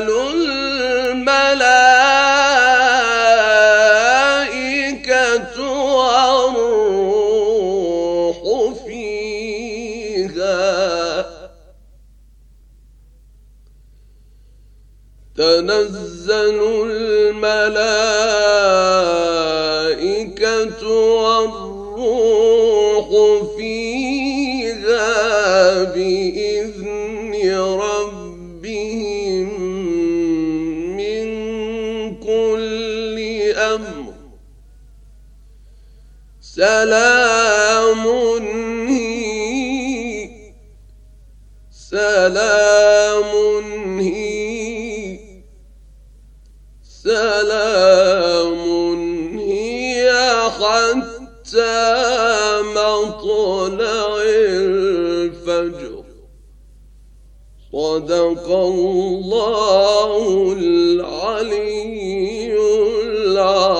جبل سلام هي سلام هي سلام هي حتى مطلع الفجر صدق الله العلي العظيم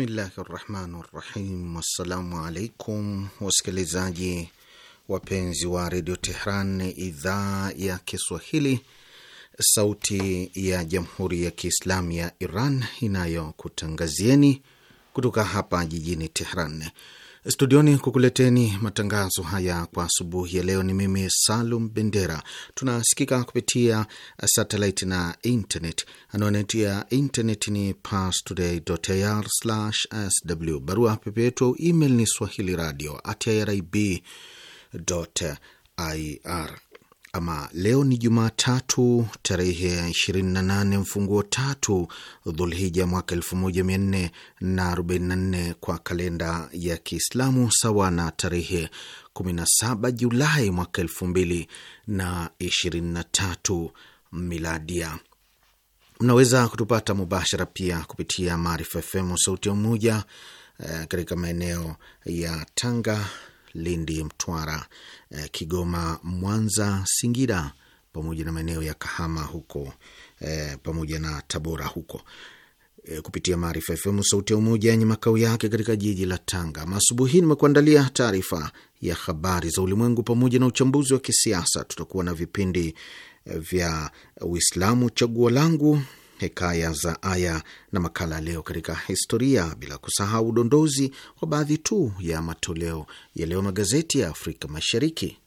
Bismillahi rahmani rahim. Wassalamu alaikum wasikilizaji wapenzi wa redio Tehran, idhaa ya Kiswahili, sauti ya jamhuri ya Kiislamu ya Iran inayokutangazieni kutoka hapa jijini Tehran studioni kukuleteni matangazo haya kwa asubuhi ya leo. Ni mimi Salum Bendera. Tunasikika kupitia satellite na internet. Anwani ya internet ni parstoday.ir/sw. Barua pepe yetu au email ni swahili ir ama leo ni Jumatatu tarehe ya 28 mfunguo tatu Dhulhija mwaka 1444 kwa kalenda ya Kiislamu, sawa na tarehe 17 Julai mwaka 2023 miladia. Mnaweza kutupata mubashara pia kupitia Maarifa FM Sauti ya Umoja eh, katika maeneo ya Tanga, Lindi, Mtwara, eh, Kigoma, Mwanza, Singida pamoja na maeneo ya Kahama huko eh, pamoja na Tabora huko eh, kupitia Maarifa FM sauti ya Umoja yenye makao yake katika jiji la Tanga. Asubuhi nimekuandalia taarifa ya habari za ulimwengu pamoja na uchambuzi wa kisiasa. Tutakuwa na vipindi eh, vya Uislamu, chaguo langu, hekaya za aya na makala leo katika historia, bila kusahau udondozi wa baadhi tu ya matoleo ya leo magazeti ya Afrika Mashariki.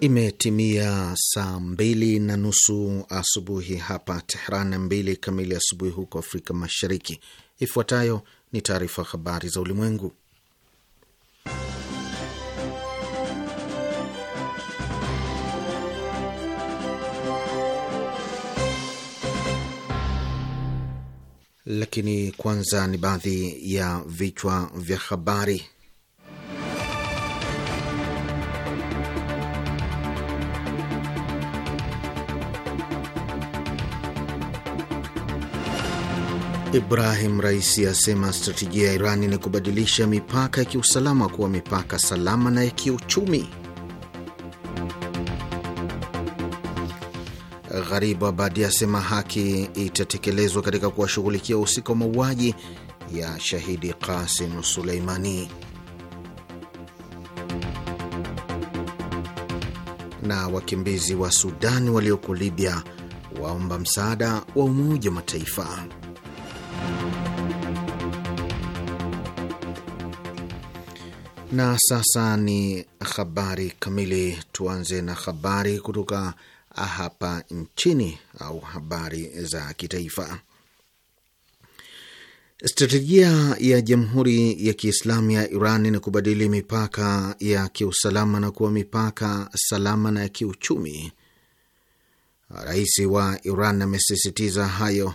Imetimia saa mbili na nusu asubuhi hapa Tehran, mbili kamili asubuhi huko Afrika Mashariki. Ifuatayo ni taarifa habari za ulimwengu, lakini kwanza ni baadhi ya vichwa vya habari. Ibrahim Raisi asema stratejia ya Irani ni kubadilisha mipaka ya kiusalama kuwa mipaka salama na ya kiuchumi. Gharibu Abadi asema haki itatekelezwa katika kuwashughulikia wahusika wa mauaji ya shahidi kasim Suleimani. Na wakimbizi wa Sudani walioko Libya waomba msaada wa Umoja wa Mataifa. Na sasa ni habari kamili. Tuanze na habari kutoka hapa nchini au habari za kitaifa. Strategia ya Jamhuri ya Kiislamu ya Iran ni kubadili mipaka ya kiusalama na kuwa mipaka salama na ya kiuchumi. Rais wa Iran amesisitiza hayo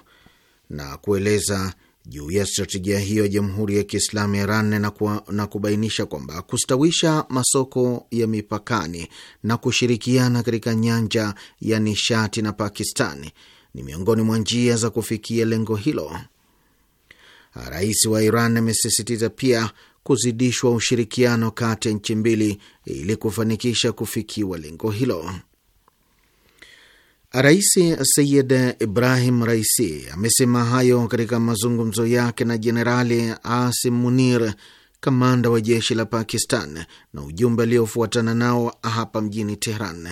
na kueleza juu ya strategia hiyo ya Jamhuri ya Kiislamu ya Iran na, kwa, na kubainisha kwamba kustawisha masoko ya mipakani na kushirikiana katika nyanja ya nishati na Pakistani ni miongoni mwa njia za kufikia lengo hilo. Rais wa Iran amesisitiza pia kuzidishwa ushirikiano kati ya nchi mbili ili kufanikisha kufikiwa lengo hilo. Rais Sayid Ibrahim Raisi amesema hayo katika mazungumzo yake na Jenerali Asim Munir, kamanda wa jeshi la Pakistan, na ujumbe aliofuatana nao hapa mjini Tehran.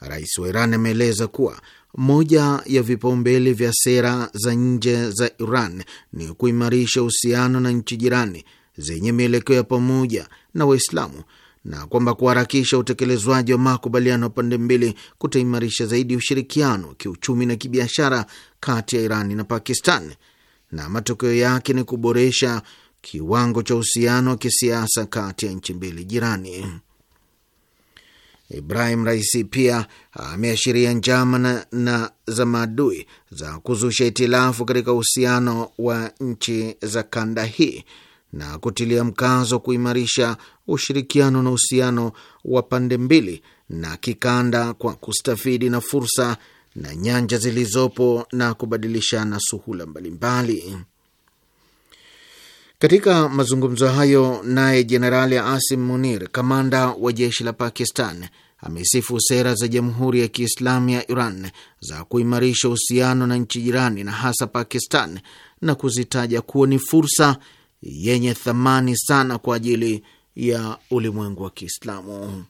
Rais wa Iran ameeleza kuwa moja ya vipaumbele vya sera za nje za Iran ni kuimarisha uhusiano na nchi jirani zenye mielekeo ya pamoja na Waislamu na kwamba kuharakisha utekelezwaji wa makubaliano ya pande mbili kutaimarisha zaidi ushirikiano wa kiuchumi na kibiashara kati ya Iran na Pakistan, na matokeo yake ni kuboresha kiwango cha uhusiano wa kisiasa kati ya nchi mbili jirani. Ibrahim Raisi pia ameashiria njama na, na za maadui za kuzusha itilafu katika uhusiano wa nchi za kanda hii na kutilia mkazo kuimarisha ushirikiano na uhusiano wa pande mbili na kikanda kwa kustafidi na fursa na nyanja zilizopo na kubadilishana suhula mbalimbali. Katika mazungumzo hayo, naye Jenerali Asim Munir, kamanda wa jeshi la Pakistan, amesifu sera za Jamhuri ya Kiislamu ya Iran za kuimarisha uhusiano na nchi jirani na hasa Pakistan na kuzitaja kuwa ni fursa yenye thamani sana kwa ajili ya ulimwengu wa Kiislamu.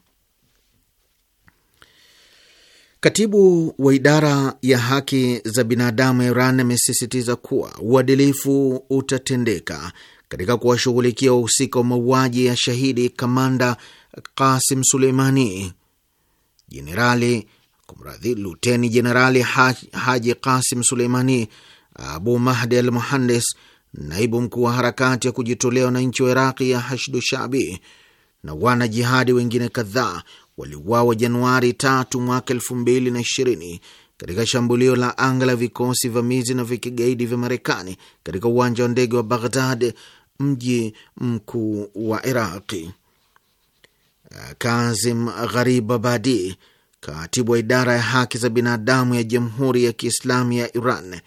Katibu wa idara ya haki za binadamu ya Iran amesisitiza kuwa uadilifu utatendeka katika kuwashughulikia wahusika wa mauaji ya shahidi kamanda Kasim Suleimani. Jenerali kumradhi, luteni jenerali Haji Kasim Suleimani, Abu Mahdi al Muhandis naibu mkuu wa harakati ya kujitolea wananchi wa Iraqi ya Hashdu Shabi na wanajihadi wengine kadhaa waliuawa Januari tatu mwaka elfu mbili na ishirini katika shambulio la anga la vikosi vamizi na vya kigaidi vya Marekani katika uwanja wa ndege wa Baghdad, mji mkuu wa Iraqi. Kazim Gharib Abadi, katibu wa idara ya haki za binadamu ya Jamhuri ya Kiislamu ya Iran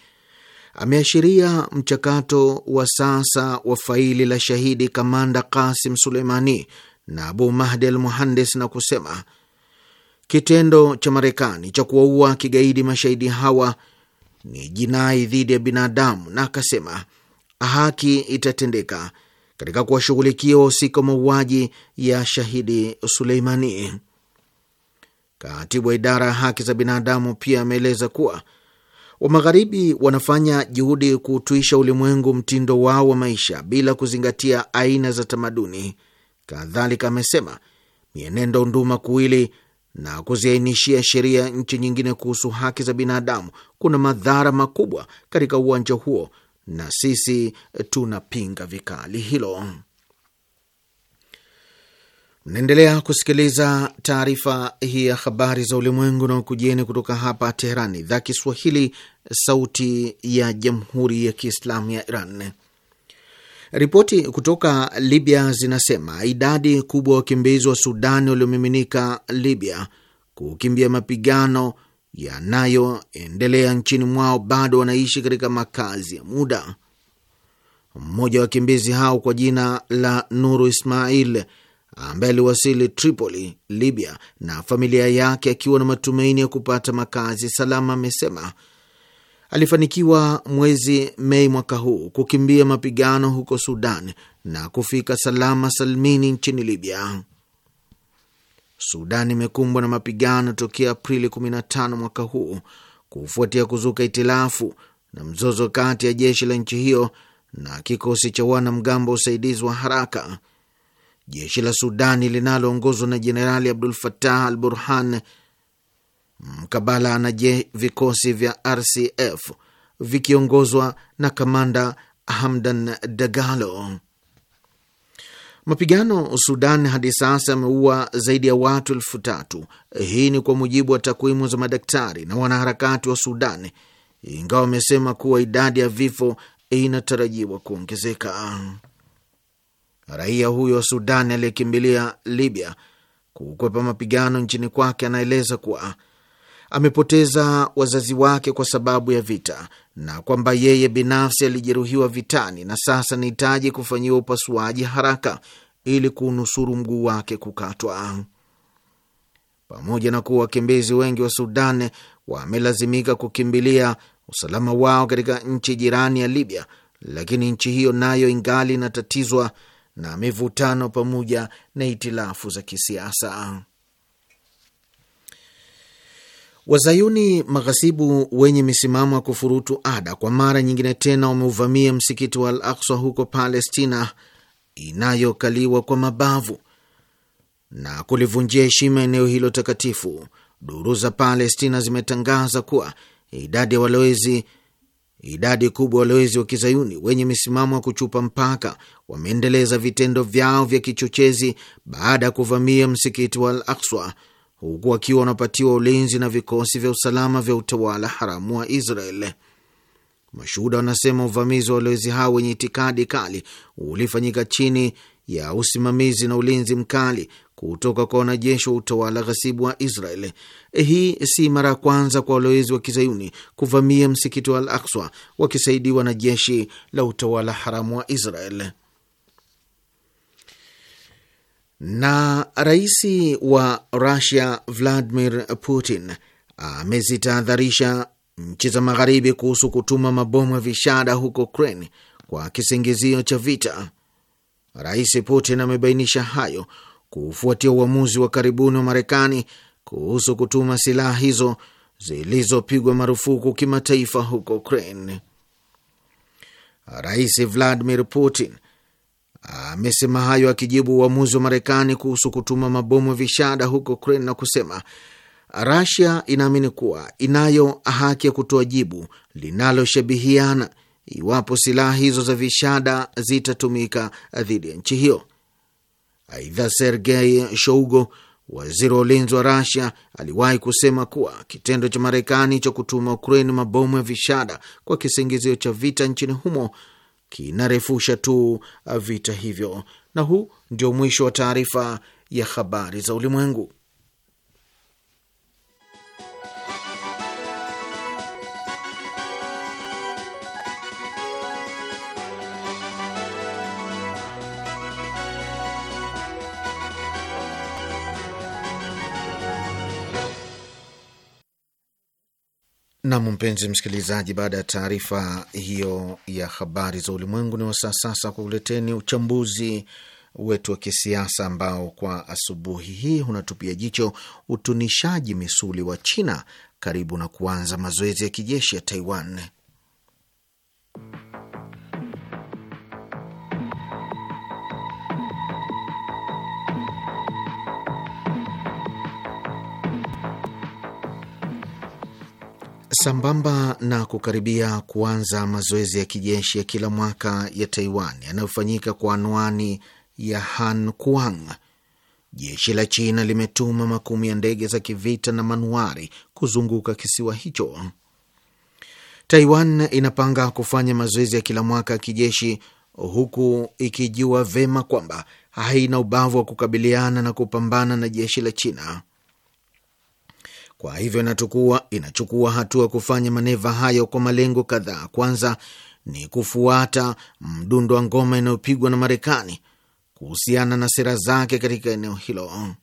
ameashiria mchakato wa sasa wa faili la shahidi kamanda kasim Suleimani na Abu Mahdi al Muhandis na kusema kitendo cha Marekani cha kuwaua kigaidi mashahidi hawa ni jinai dhidi ya binadamu, na akasema haki itatendeka katika kuwashughulikia wahusika wa mauaji ya shahidi Suleimani. Katibu wa idara ya haki za binadamu pia ameeleza kuwa wa Magharibi wanafanya juhudi kuutuisha ulimwengu mtindo wao wa maisha bila kuzingatia aina za tamaduni. Kadhalika amesema mienendo nduma kuwili na kuziainishia sheria nchi nyingine kuhusu haki za binadamu kuna madhara makubwa katika uwanja huo, na sisi tunapinga vikali hilo. Mnaendelea kusikiliza taarifa hii ya habari za ulimwengu na ukujieni kutoka hapa Teheran, idhaa Kiswahili, sauti ya jamhuri ya kiislamu ya Iran. Ripoti kutoka Libya zinasema idadi kubwa ya wakimbizi wa Sudani waliomiminika Libya kukimbia mapigano yanayoendelea nchini mwao bado wanaishi katika makazi ya muda. Mmoja wa wakimbizi hao kwa jina la Nuru Ismail ambaye aliwasili Tripoli, Libya, na familia yake akiwa na matumaini ya kupata makazi salama, amesema alifanikiwa mwezi Mei mwaka huu kukimbia mapigano huko Sudan na kufika salama salmini nchini Libya. Sudan imekumbwa na mapigano tokea Aprili 15 mwaka huu kufuatia kuzuka itilafu na mzozo kati ya jeshi la nchi hiyo na kikosi cha wanamgambo wa usaidizi wa haraka jeshi la Sudani linaloongozwa na Jenerali Abdul Fattah al Burhan mkabala na je vikosi vya RCF vikiongozwa na kamanda Hamdan Dagalo. Mapigano Sudan hadi sasa yameua zaidi ya watu elfu tatu. Hii ni kwa mujibu wa takwimu za madaktari na wanaharakati wa Sudan, ingawa wamesema kuwa idadi ya vifo inatarajiwa kuongezeka. Raia huyo wa Sudani aliyekimbilia Libya kukwepa mapigano nchini kwake anaeleza kuwa amepoteza wazazi wake kwa sababu ya vita na kwamba yeye binafsi alijeruhiwa vitani na sasa anahitaji kufanyiwa upasuaji haraka ili kuunusuru mguu wake kukatwa. Pamoja na kuwa wakimbizi wengi wa Sudan wamelazimika kukimbilia usalama wao katika nchi jirani ya Libya, lakini nchi hiyo nayo ingali inatatizwa na mivutano pamoja na itilafu za kisiasa. Wazayuni maghasibu wenye misimamo ya kufurutu ada kwa mara nyingine tena wameuvamia msikiti wa Al Aksa huko Palestina inayokaliwa kwa mabavu na kulivunjia heshima eneo hilo takatifu. Duru za Palestina zimetangaza kuwa idadi ya walowezi Idadi kubwa walowezi wa kizayuni wenye misimamo ya kuchupa mpaka wameendeleza vitendo vyao vya kichochezi baada ya kuvamia msikiti wa Al Akswa, huku wakiwa wanapatiwa ulinzi na vikosi vya usalama vya utawala haramu wa Israel. Mashuhuda wanasema uvamizi wa walowezi hao wenye itikadi kali ulifanyika chini ya usimamizi na ulinzi mkali kutoka kwa wanajeshi wa utawala ghasibu wa Israel. Eh, hii si mara ya kwanza kwa walowezi wa kizayuni kuvamia msikiti wa Al Akswa wakisaidiwa na jeshi la utawala haramu wa Israel. Na rais wa Rusia Vladimir Putin amezitahadharisha nchi za magharibi kuhusu kutuma mabomu ya vishada huko Ukraine kwa kisingizio cha vita. Rais Putin amebainisha hayo kufuatia uamuzi wa karibuni wa Marekani kuhusu kutuma silaha hizo zilizopigwa marufuku kimataifa huko Ukraine. Rais Vladimir Putin amesema hayo akijibu uamuzi wa Marekani kuhusu kutuma mabomu ya vishada huko Ukraine na kusema Rasia inaamini kuwa inayo haki ya kutoa jibu linaloshabihiana iwapo silaha hizo za vishada zitatumika dhidi ya nchi hiyo. Aidha, Sergei Shougo, waziri wa ulinzi wa Rasia, aliwahi kusema kuwa kitendo cha Marekani cha kutuma Ukraini mabomu ya vishada kwa kisingizio cha vita nchini humo kinarefusha tu vita hivyo. Na huu ndio mwisho wa taarifa ya habari za ulimwengu. Nam, mpenzi msikilizaji, baada ya taarifa hiyo ya habari za ulimwengu, ni wasaa sasa kuleteni uchambuzi wetu wa kisiasa ambao kwa asubuhi hii unatupia jicho utunishaji misuli wa China karibu na kuanza mazoezi ya kijeshi ya Taiwan. sambamba na kukaribia kuanza mazoezi ya kijeshi ya kila mwaka ya Taiwan yanayofanyika kwa anwani ya Hankuang, jeshi la China limetuma makumi ya ndege za kivita na manuari kuzunguka kisiwa hicho. Taiwan inapanga kufanya mazoezi ya kila mwaka ya kijeshi huku ikijua vema kwamba haina ubavu wa kukabiliana na kupambana na jeshi la China. Kwa hivyo inatukua, inachukua hatua kufanya maneva hayo kwa malengo kadhaa. Kwanza ni kufuata mdundo wa ngoma inayopigwa na Marekani kuhusiana na sera zake katika eneo hilo.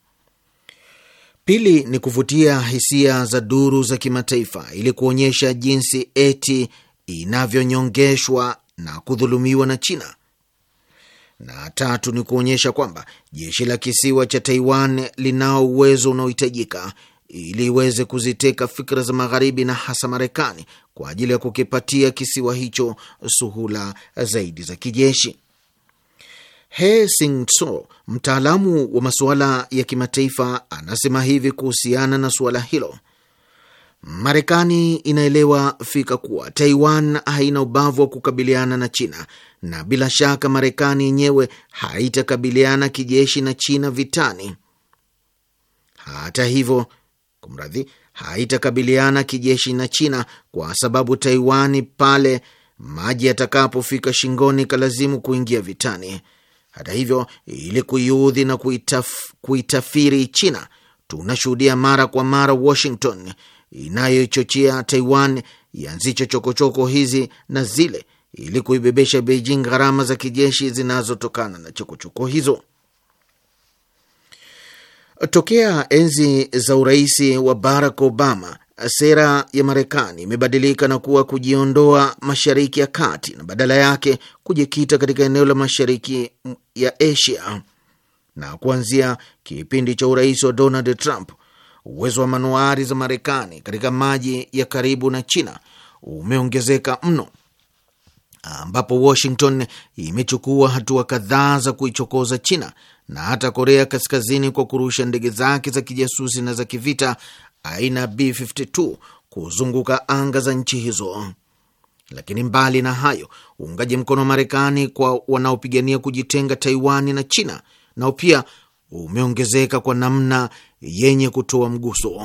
Pili ni kuvutia hisia za duru za kimataifa ili kuonyesha jinsi eti inavyonyongeshwa na kudhulumiwa na China. Na tatu ni kuonyesha kwamba jeshi la kisiwa cha Taiwan linao uwezo unaohitajika ili iweze kuziteka fikra za Magharibi na hasa Marekani kwa ajili ya kukipatia kisiwa hicho suhula zaidi za kijeshi. He Singso, mtaalamu wa masuala ya kimataifa, anasema hivi kuhusiana na suala hilo: Marekani inaelewa fika kuwa Taiwan haina ubavu wa kukabiliana na China, na bila shaka Marekani yenyewe haitakabiliana kijeshi na China vitani. Hata hivyo kumradhi, haitakabiliana kijeshi na China kwa sababu Taiwani pale maji yatakapofika shingoni kalazimu kuingia vitani. Hata hivyo, ili kuiudhi na kuitaf, kuitafiri China, tunashuhudia mara kwa mara Washington inayochochea Taiwan ianzishe chokochoko hizi na zile ili kuibebesha Beijing gharama za kijeshi zinazotokana na chokochoko hizo. Tokea enzi za urais wa Barack Obama, sera ya Marekani imebadilika na kuwa kujiondoa Mashariki ya Kati na badala yake kujikita katika eneo la mashariki ya Asia. Na kuanzia kipindi cha urais wa Donald Trump, uwezo wa manuari za Marekani katika maji ya karibu na China umeongezeka mno, ambapo Washington imechukua hatua kadhaa za kuichokoza China na hata Korea Kaskazini kwa kurusha ndege zake za kijasusi na za kivita aina B52 kuzunguka anga za nchi hizo. Lakini mbali na hayo, uungaji mkono wa Marekani kwa wanaopigania kujitenga Taiwani na China nao pia umeongezeka kwa namna yenye kutoa mguso.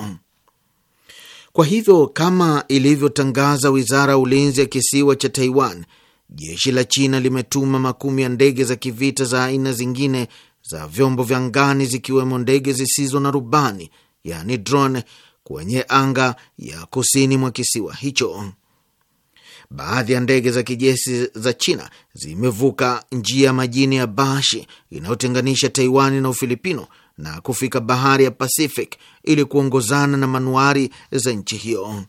Kwa hivyo, kama ilivyotangaza wizara ya ulinzi ya kisiwa cha Taiwan, jeshi la China limetuma makumi ya ndege za kivita za aina zingine za vyombo vya ngani zikiwemo ndege zisizo na rubani, yani drone, kwenye anga ya kusini mwa kisiwa hicho. Baadhi ya ndege za kijeshi za China zimevuka njia ya majini ya Bashi inayotenganisha Taiwani na Ufilipino na kufika bahari ya Pacific ili kuongozana na manuari za nchi hiyo.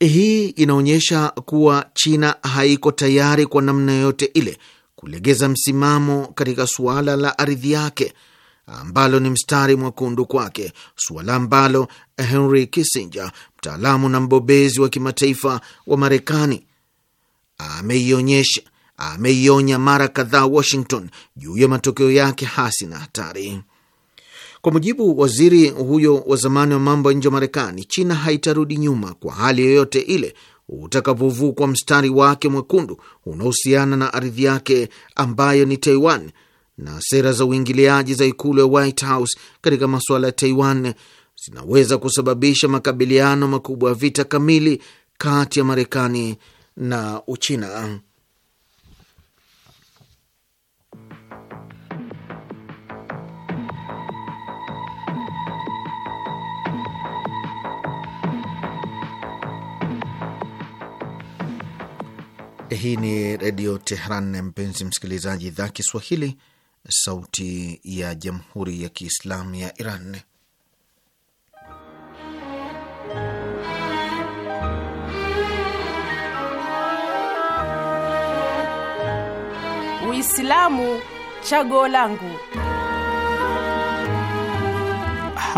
Hii inaonyesha kuwa China haiko tayari kwa namna yoyote ile kulegeza msimamo katika suala la ardhi yake ambalo ni mstari mwekundu kwake, suala ambalo Henry Kissinger, mtaalamu na mbobezi wa kimataifa wa Marekani, ameionyesha ameionya mara kadhaa Washington juu ya matokeo yake hasi na hatari. Kwa mujibu waziri huyo wa zamani wa mambo ya nje wa Marekani, China haitarudi nyuma kwa hali yoyote ile utakapovukwa mstari wake mwekundu unaohusiana na ardhi yake ambayo ni Taiwan na sera za uingiliaji za ikulu ya White House katika masuala ya Taiwan zinaweza kusababisha makabiliano makubwa ya vita kamili kati ya Marekani na Uchina. Hii ni Redio Tehran, mpenzi msikilizaji, idhaa Kiswahili, sauti ya Jamhuri ya Kiislamu ya Iran. Uislamu chaguo langu.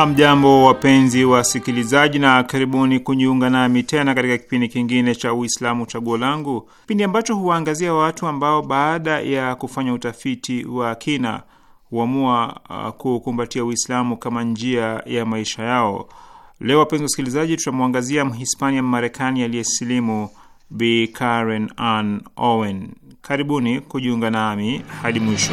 Hamjambo, wapenzi wasikilizaji, na karibuni kujiunga nami tena katika kipindi kingine cha Uislamu Chaguo Langu, kipindi ambacho huwaangazia watu ambao baada ya kufanya utafiti wa kina huamua uh, kukumbatia Uislamu kama njia ya maisha yao. Leo wapenzi wasikilizaji, tutamwangazia Mhispania Mmarekani aliyesilimu Bi Karen Ann Owen. Karibuni kujiunga nami hadi mwisho.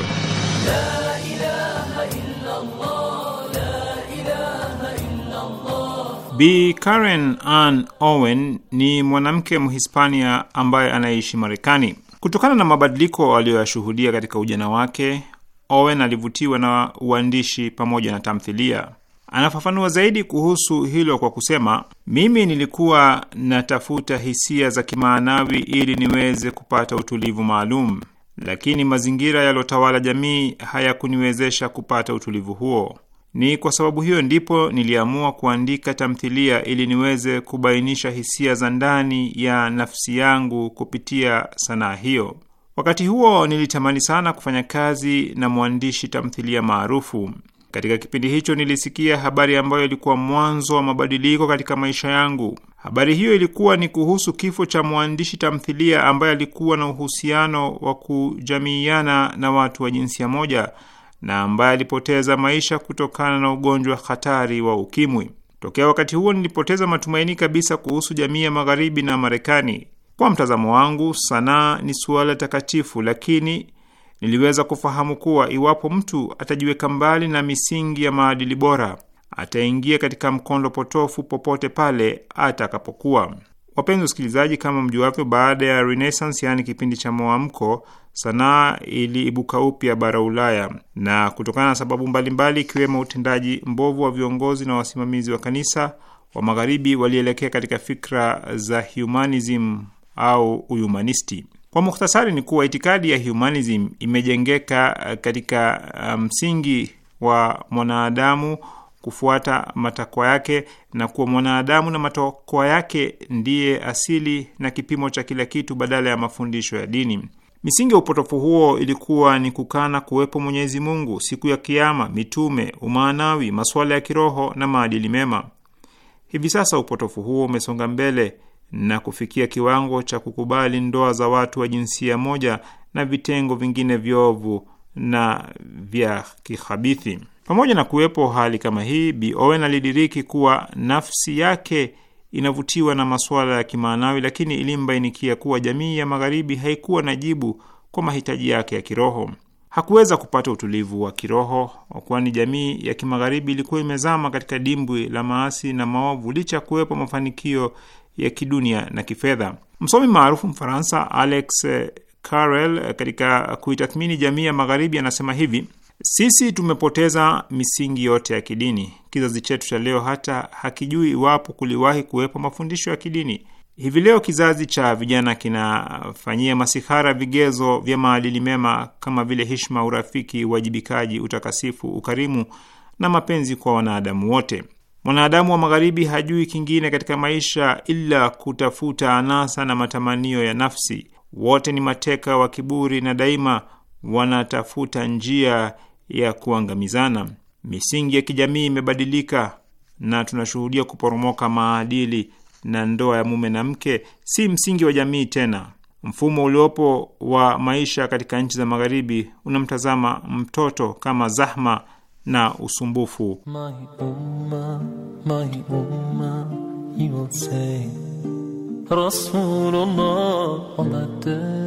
Bi Karen Ann Owen ni mwanamke Mhispania ambaye anaishi Marekani. Kutokana na mabadiliko aliyoyashuhudia katika ujana wake, Owen alivutiwa na uandishi pamoja na tamthilia. Anafafanua zaidi kuhusu hilo kwa kusema, mimi nilikuwa natafuta hisia za kimaanawi ili niweze kupata utulivu maalum, lakini mazingira yaliyotawala jamii hayakuniwezesha kupata utulivu huo. Ni kwa sababu hiyo ndipo niliamua kuandika tamthilia ili niweze kubainisha hisia za ndani ya nafsi yangu kupitia sanaa hiyo. Wakati huo nilitamani sana kufanya kazi na mwandishi tamthilia maarufu. Katika kipindi hicho nilisikia habari ambayo ilikuwa mwanzo wa mabadiliko katika maisha yangu. Habari hiyo ilikuwa ni kuhusu kifo cha mwandishi tamthilia ambaye alikuwa na uhusiano wa kujamiiana na watu wa jinsia moja na ambaye alipoteza maisha kutokana na ugonjwa hatari wa ukimwi. Tokea wakati huo nilipoteza matumaini kabisa kuhusu jamii ya magharibi na Marekani. Kwa mtazamo wangu, sanaa ni suala takatifu, lakini niliweza kufahamu kuwa iwapo mtu atajiweka mbali na misingi ya maadili bora ataingia katika mkondo potofu popote pale atakapokuwa. Wapenzi wasikilizaji, kama mjuavyo, baada ya Renaissance, yaani kipindi cha mwamko, sanaa iliibuka upya bara Ulaya, na kutokana na sababu mbalimbali ikiwemo utendaji mbovu wa viongozi na wasimamizi wa kanisa wa Magharibi, walielekea katika fikra za humanism au uyumanisti. Kwa mukhtasari, ni kuwa itikadi ya humanism imejengeka katika uh, msingi um, wa mwanadamu kufuata matakwa yake na kuwa mwanadamu na matakwa yake ndiye asili na kipimo cha kila kitu badala ya mafundisho ya dini. Misingi ya upotofu huo ilikuwa ni kukana kuwepo Mwenyezi Mungu, siku ya Kiama, mitume, umaanawi, masuala ya kiroho na maadili mema. Hivi sasa upotofu huo umesonga mbele na kufikia kiwango cha kukubali ndoa za watu wa jinsia moja na vitengo vingine viovu na vya kihabithi. Pamoja na kuwepo hali kama hii, Bi Owen alidiriki kuwa nafsi yake inavutiwa na masuala ya kimaanawi, lakini ilimbainikia kuwa jamii ya Magharibi haikuwa na jibu kwa mahitaji yake ya kiroho. Hakuweza kupata utulivu wa kiroho, kwani jamii ya kimagharibi ilikuwa imezama katika dimbwi la maasi na maovu, licha ya kuwepo mafanikio ya kidunia na kifedha. Msomi maarufu Mfaransa Alex Carrel katika kuitathmini jamii ya magharibi anasema hivi: sisi tumepoteza misingi yote ya kidini. Kizazi chetu cha leo hata hakijui iwapo kuliwahi kuwepo mafundisho ya kidini. Hivi leo kizazi cha vijana kinafanyia masihara vigezo vya maadili mema kama vile hishma, urafiki, uwajibikaji, utakasifu, ukarimu na mapenzi kwa wanadamu wote. Mwanadamu wa Magharibi hajui kingine katika maisha ila kutafuta anasa na matamanio ya nafsi. Wote ni mateka wa kiburi na daima wanatafuta njia ya kuangamizana. Misingi ya kijamii imebadilika na tunashuhudia kuporomoka maadili na ndoa ya mume na mke si msingi wa jamii tena. Mfumo uliopo wa maisha katika nchi za Magharibi unamtazama mtoto kama zahma na usumbufu. my umma, my umma, you will say, Rasulullah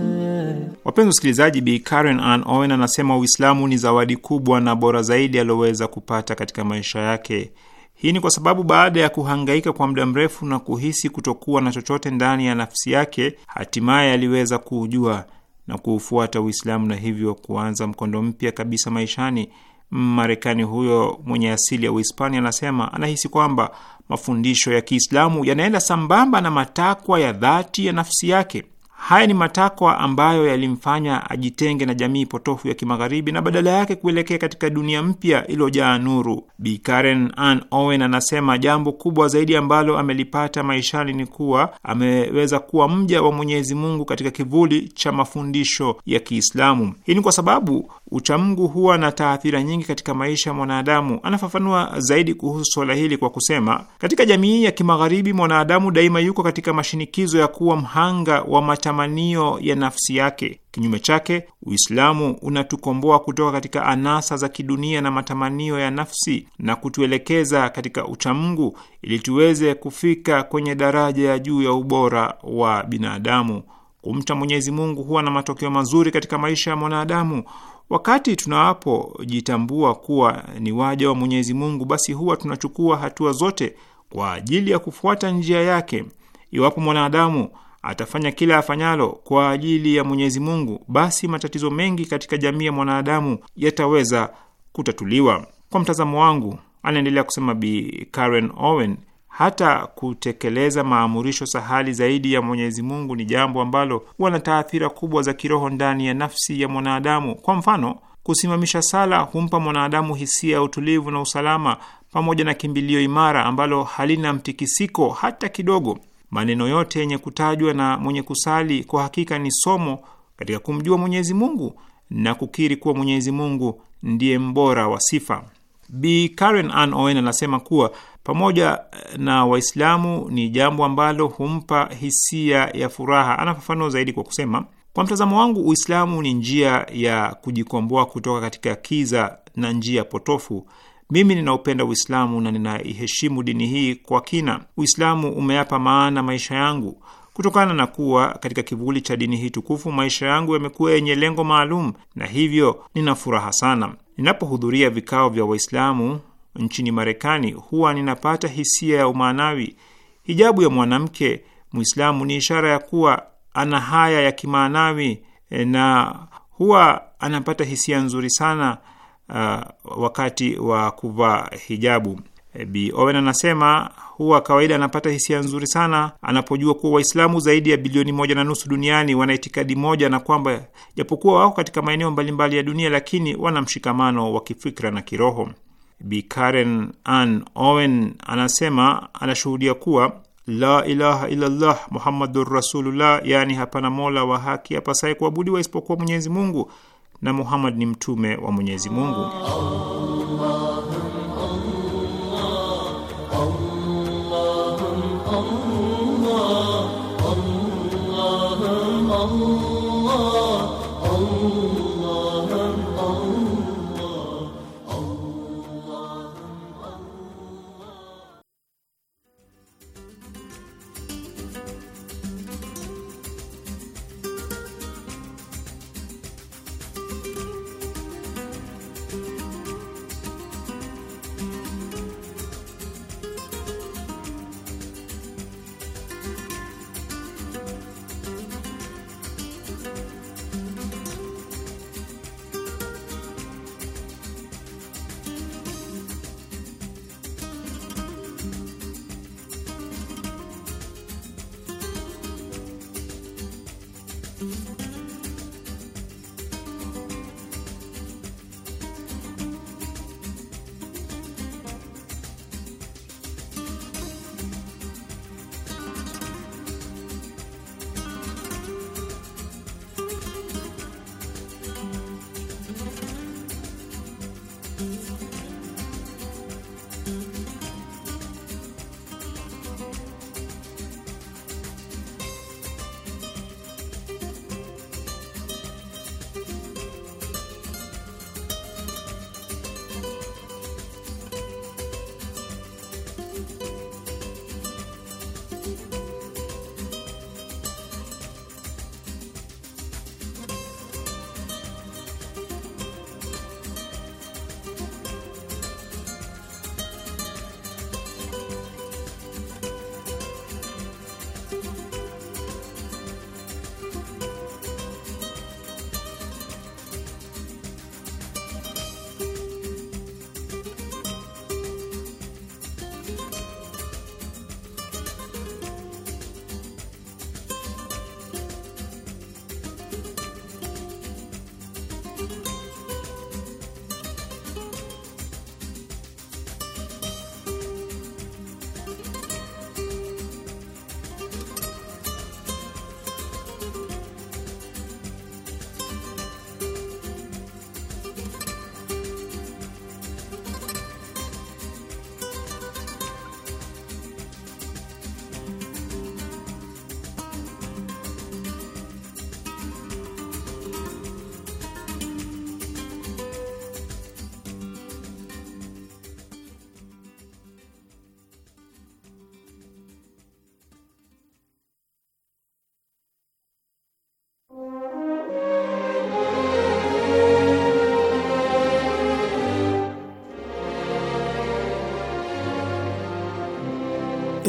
Wapenzi wasikilizaji, Bi Karen Ann Owen anasema Uislamu ni zawadi kubwa na bora zaidi aliyoweza kupata katika maisha yake. Hii ni kwa sababu baada ya kuhangaika kwa muda mrefu na kuhisi kutokuwa na chochote ndani ya nafsi yake, hatimaye aliweza kuujua na kuufuata Uislamu na hivyo kuanza mkondo mpya kabisa maishani. Marekani huyo mwenye asili ya Uhispania anasema anahisi kwamba mafundisho ya Kiislamu yanaenda sambamba na matakwa ya dhati ya nafsi yake. Haya ni matakwa ambayo yalimfanya ajitenge na jamii potofu ya kimagharibi na badala yake kuelekea katika dunia mpya iliyojaa nuru. Bi Karen Ann Owen anasema jambo kubwa zaidi ambalo amelipata maishani ni kuwa ameweza kuwa mja wa Mwenyezi Mungu katika kivuli cha mafundisho ya Kiislamu. Hii ni kwa sababu uchamungu huwa na taathira nyingi katika maisha ya mwanadamu. Anafafanua zaidi kuhusu swala hili kwa kusema, katika jamii ya kimagharibi mwanadamu daima yuko katika mashinikizo ya kuwa mhanga wa mata matamanio ya nafsi yake. Kinyume chake, Uislamu unatukomboa kutoka katika anasa za kidunia na matamanio ya nafsi na kutuelekeza katika uchamungu ili tuweze kufika kwenye daraja ya juu ya ubora wa binadamu. Kumcha Mwenyezi Mungu huwa na matokeo mazuri katika maisha ya mwanadamu. Wakati tunapojitambua kuwa ni waja wa Mwenyezi Mungu, basi huwa tunachukua hatua zote kwa ajili ya kufuata njia yake. Iwapo mwanadamu atafanya kila afanyalo kwa ajili ya Mwenyezi Mungu, basi matatizo mengi katika jamii ya mwanadamu yataweza kutatuliwa. Kwa mtazamo wangu, anaendelea kusema Bi Karen Owen, hata kutekeleza maamurisho sahali zaidi ya Mwenyezi Mungu ni jambo ambalo wana taathira kubwa za kiroho ndani ya nafsi ya mwanadamu. Kwa mfano, kusimamisha sala humpa mwanadamu hisia ya utulivu na usalama pamoja na kimbilio imara ambalo halina mtikisiko hata kidogo. Maneno yote yenye kutajwa na mwenye kusali kwa hakika ni somo katika kumjua Mwenyezi Mungu na kukiri kuwa Mwenyezi Mungu ndiye mbora wa sifa. Bi Karen Ann Owen anasema kuwa pamoja eh, na Waislamu ni jambo ambalo humpa hisia ya furaha. Anafafanua zaidi kwa kusema, kwa mtazamo wangu, Uislamu ni njia ya kujikomboa kutoka katika kiza na njia potofu mimi ninaupenda Uislamu na ninaiheshimu dini hii kwa kina. Uislamu umeyapa maana maisha yangu. Kutokana na kuwa katika kivuli cha dini hii tukufu, maisha yangu yamekuwa yenye lengo maalum, na hivyo nina furaha sana. Ninapohudhuria vikao vya Waislamu nchini Marekani, huwa ninapata hisia ya umaanawi. Hijabu ya mwanamke Mwislamu ni ishara ya kuwa ana haya ya kimaanawi eh, na huwa anapata hisia nzuri sana uh, wakati wa kuvaa hijabu. Eh, Bi Owen anasema huwa kawaida anapata hisia nzuri sana anapojua kuwa Waislamu zaidi ya bilioni moja na nusu duniani wana itikadi moja na kwamba japokuwa wako katika maeneo mbalimbali ya dunia, lakini wana mshikamano wa kifikra na kiroho. Bi Karen Ann Owen anasema anashuhudia kuwa la ilaha illallah muhammadun rasulullah, yaani hapana mola wa haki apasaye kuabudiwa isipokuwa Mwenyezi Mungu na Muhammad ni mtume wa Mwenyezi Mungu.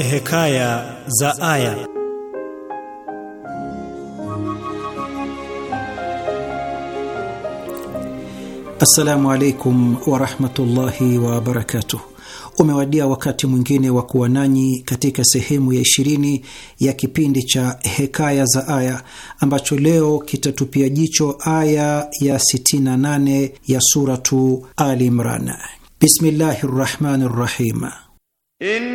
Eh, Hekaya za Aya. Assalamu alaikum warahmatullahi wabarakatuh. Umewadia wakati mwingine wa kuwa nanyi katika sehemu ya ishirini ya kipindi cha Hekaya za Aya ambacho leo kitatupia jicho aya ya 68 ya Suratu Ali Imran. Bismillahi rahmani rahim In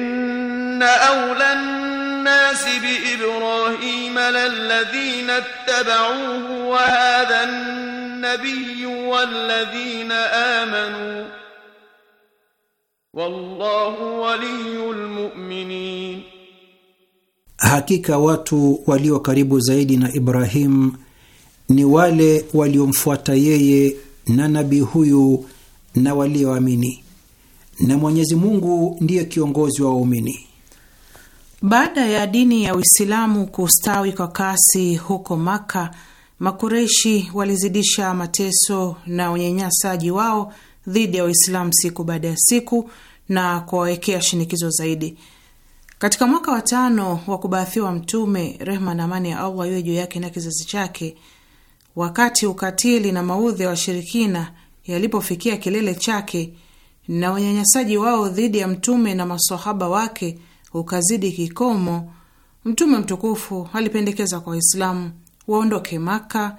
ان اولى الناس بابراهيم للذين اتبعوه وهذا النبي والذين امنوا والله ولي المؤمنين Hakika watu walio karibu zaidi na Ibrahim ni wale waliomfuata yeye na nabii huyu na walioamini, na Mwenyezi Mungu ndiye kiongozi wa waumini. Baada ya dini ya Uislamu kustawi kwa kasi huko Maka, Makureshi walizidisha mateso na unyanyasaji wao dhidi ya Uislamu siku baada ya siku na kuwawekea shinikizo zaidi. Katika mwaka wa tano wa kubaathiwa Mtume, rehma na amani ya Allah iwe juu yake na kizazi chake, wakati ukatili na maudhi ya washirikina yalipofikia kilele chake na unyanyasaji wao dhidi ya Mtume na masahaba wake ukazidi kikomo, Mtume mtukufu alipendekeza kwa Waislamu waondoke Maka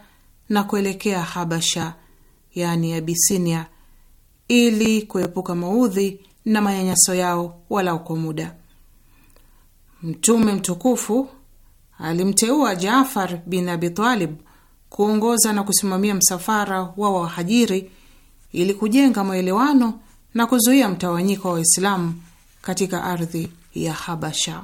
na kuelekea Habasha, yani Abisinia, ili kuepuka maudhi na manyanyaso yao walau kwa muda. Mtume mtukufu alimteua Jaafar bin Abitalib kuongoza na kusimamia msafara wa wahajiri ili kujenga maelewano na kuzuia mtawanyiko wa Waislamu katika ardhi ya Habasha.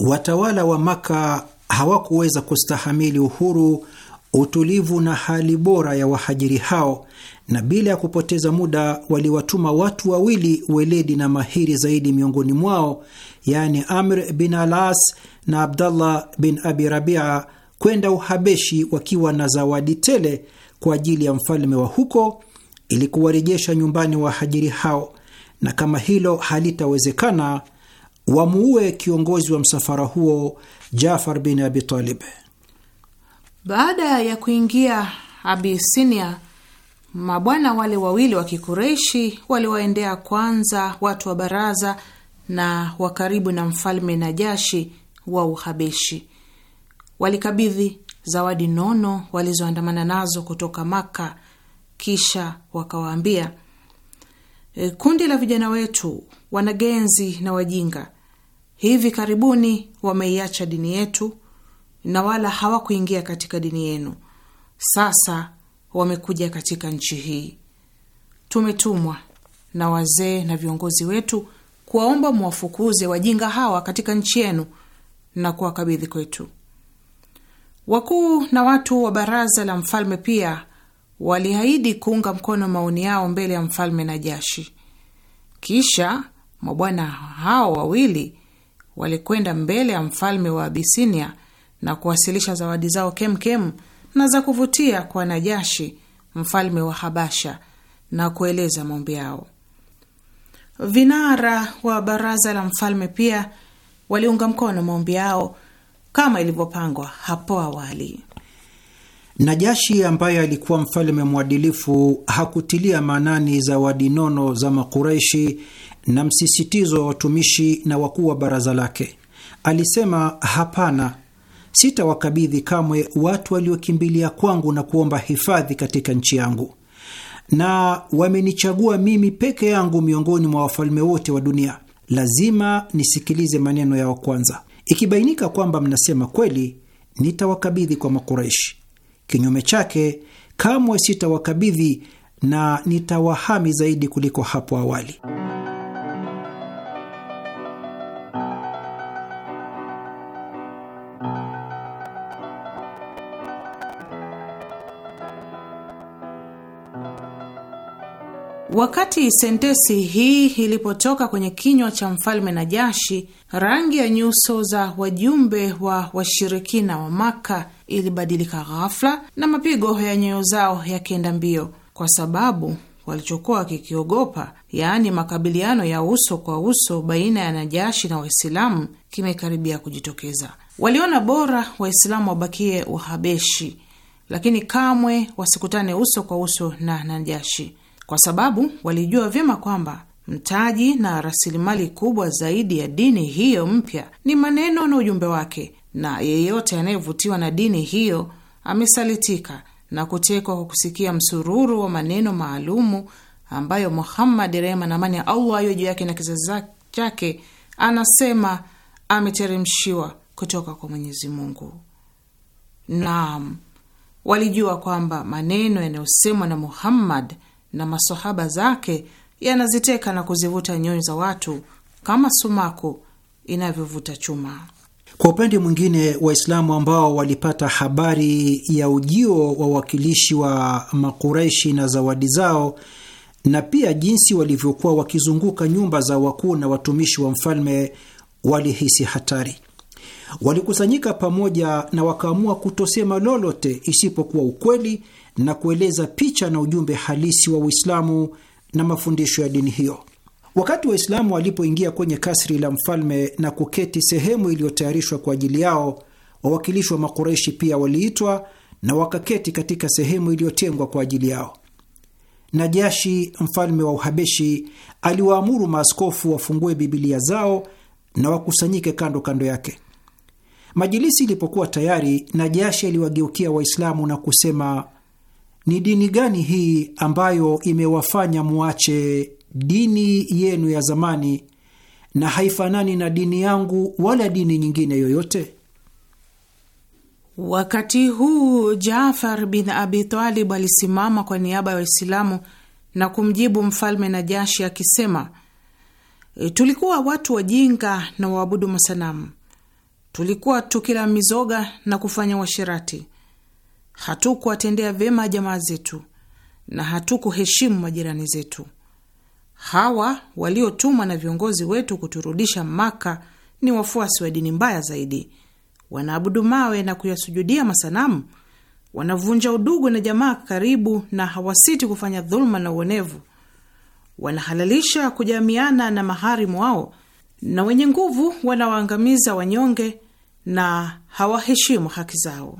Watawala wa Maka hawakuweza kustahamili uhuru, utulivu na hali bora ya wahajiri hao, na bila ya kupoteza muda waliwatuma watu wawili weledi na mahiri zaidi miongoni mwao, yaani Amr bin Alas na Abdallah bin Abi Rabia kwenda Uhabeshi wakiwa na zawadi tele kwa ajili ya mfalme wa huko ili kuwarejesha nyumbani wahajiri hao, na kama hilo halitawezekana wamuue kiongozi wa msafara huo Jafar bin Abi Talib. Baada ya kuingia Abisinia, mabwana wale wawili wa Kikureishi waliwaendea kwanza watu wa baraza na wa karibu na mfalme Najashi wa Uhabeshi. Walikabidhi zawadi nono walizoandamana nazo kutoka Maka, kisha wakawaambia, e, kundi la vijana wetu, wanagenzi na wajinga hivi karibuni wameiacha dini yetu na wala hawakuingia katika dini yenu. Sasa wamekuja katika nchi hii. Tumetumwa na wazee na viongozi wetu kuwaomba mwafukuze wajinga hawa katika nchi yenu na kuwakabidhi kwetu. Wakuu na watu wa baraza la mfalme pia waliahidi kuunga mkono maoni yao mbele ya mfalme na jashi. Kisha mabwana hao wawili walikwenda mbele ya mfalme wa Abisinia na kuwasilisha zawadi zao kemkem na za kuvutia kwa Najashi, mfalme wa Habasha, na kueleza maombi yao. Vinara wa baraza la mfalme pia waliunga mkono maombi yao kama ilivyopangwa hapo awali. Najashi ambaye alikuwa mfalme mwadilifu hakutilia maanani zawadi nono za Makureishi na msisitizo wa watumishi na wakuu wa baraza lake. Alisema, hapana, sitawakabidhi kamwe watu waliokimbilia kwangu na kuomba hifadhi katika nchi yangu, na wamenichagua mimi peke yangu miongoni mwa wafalme wote wa dunia. Lazima nisikilize maneno yao kwanza. Ikibainika kwamba mnasema kweli, nitawakabidhi kwa Makuraishi. Kinyume chake, kamwe sitawakabidhi na nitawahami zaidi kuliko hapo awali. Wakati sentesi hii ilipotoka kwenye kinywa cha mfalme Najashi, rangi ya nyuso za wajumbe wa washirikina wa Maka ilibadilika ghafla na mapigo ya nyoyo zao yakienda mbio, kwa sababu walichokuwa wakikiogopa, yaani makabiliano ya uso kwa uso baina ya Najashi na Waislamu, kimekaribia kujitokeza. Waliona bora Waislamu wabakie Uhabeshi, lakini kamwe wasikutane uso kwa uso na Najashi kwa sababu walijua vyema kwamba mtaji na rasilimali kubwa zaidi ya dini hiyo mpya ni maneno na ujumbe wake, na yeyote anayevutiwa na dini hiyo amesalitika na kutekwa kwa kusikia msururu wa maneno maalumu ambayo Muhammad, rehma na amani ya Allah iwe juu yake na kizazi chake, anasema ameteremshiwa kutoka kwa Mwenyezi Mungu. Naam, walijua kwamba maneno yanayosemwa na Muhammad na masohaba zake yanaziteka na kuzivuta nyoyo za watu kama sumaku inavyovuta chuma. Kwa upande mwingine, Waislamu ambao walipata habari ya ujio wa wakilishi wa Makuraishi na zawadi zao na pia jinsi walivyokuwa wakizunguka nyumba za wakuu na watumishi wa mfalme walihisi hatari. Walikusanyika pamoja na wakaamua kutosema lolote isipokuwa ukweli na kueleza picha na ujumbe halisi wa Uislamu na mafundisho ya dini hiyo. Wakati Waislamu walipoingia kwenye kasri la mfalme na kuketi sehemu iliyotayarishwa kwa ajili yao, wawakilishi wa Makureishi pia waliitwa na wakaketi katika sehemu iliyotengwa kwa ajili yao. Najashi, mfalme wa Uhabeshi, aliwaamuru maaskofu wafungue Bibilia zao na wakusanyike kando kando yake. Majilisi ilipokuwa tayari, Najashi aliwageukia Waislamu na kusema ni dini gani hii ambayo imewafanya muache dini yenu ya zamani na haifanani na dini yangu wala dini nyingine yoyote? Wakati huu Jaafar bin Abi Talib alisimama kwa niaba ya wa Waislamu na kumjibu mfalme na jashi akisema, e, tulikuwa watu wajinga na waabudu masanamu, tulikuwa tukila mizoga na kufanya washirati hatukuwatendea vyema jamaa zetu na hatukuheshimu majirani zetu. Hawa waliotumwa na viongozi wetu kuturudisha Maka ni wafuasi wa dini mbaya zaidi, wanaabudu mawe na kuyasujudia masanamu, wanavunja udugu na jamaa karibu, na hawasiti kufanya dhuluma na uonevu. Wanahalalisha kujamiana na maharimu wao, na wenye nguvu wanawaangamiza wanyonge na hawaheshimu haki zao.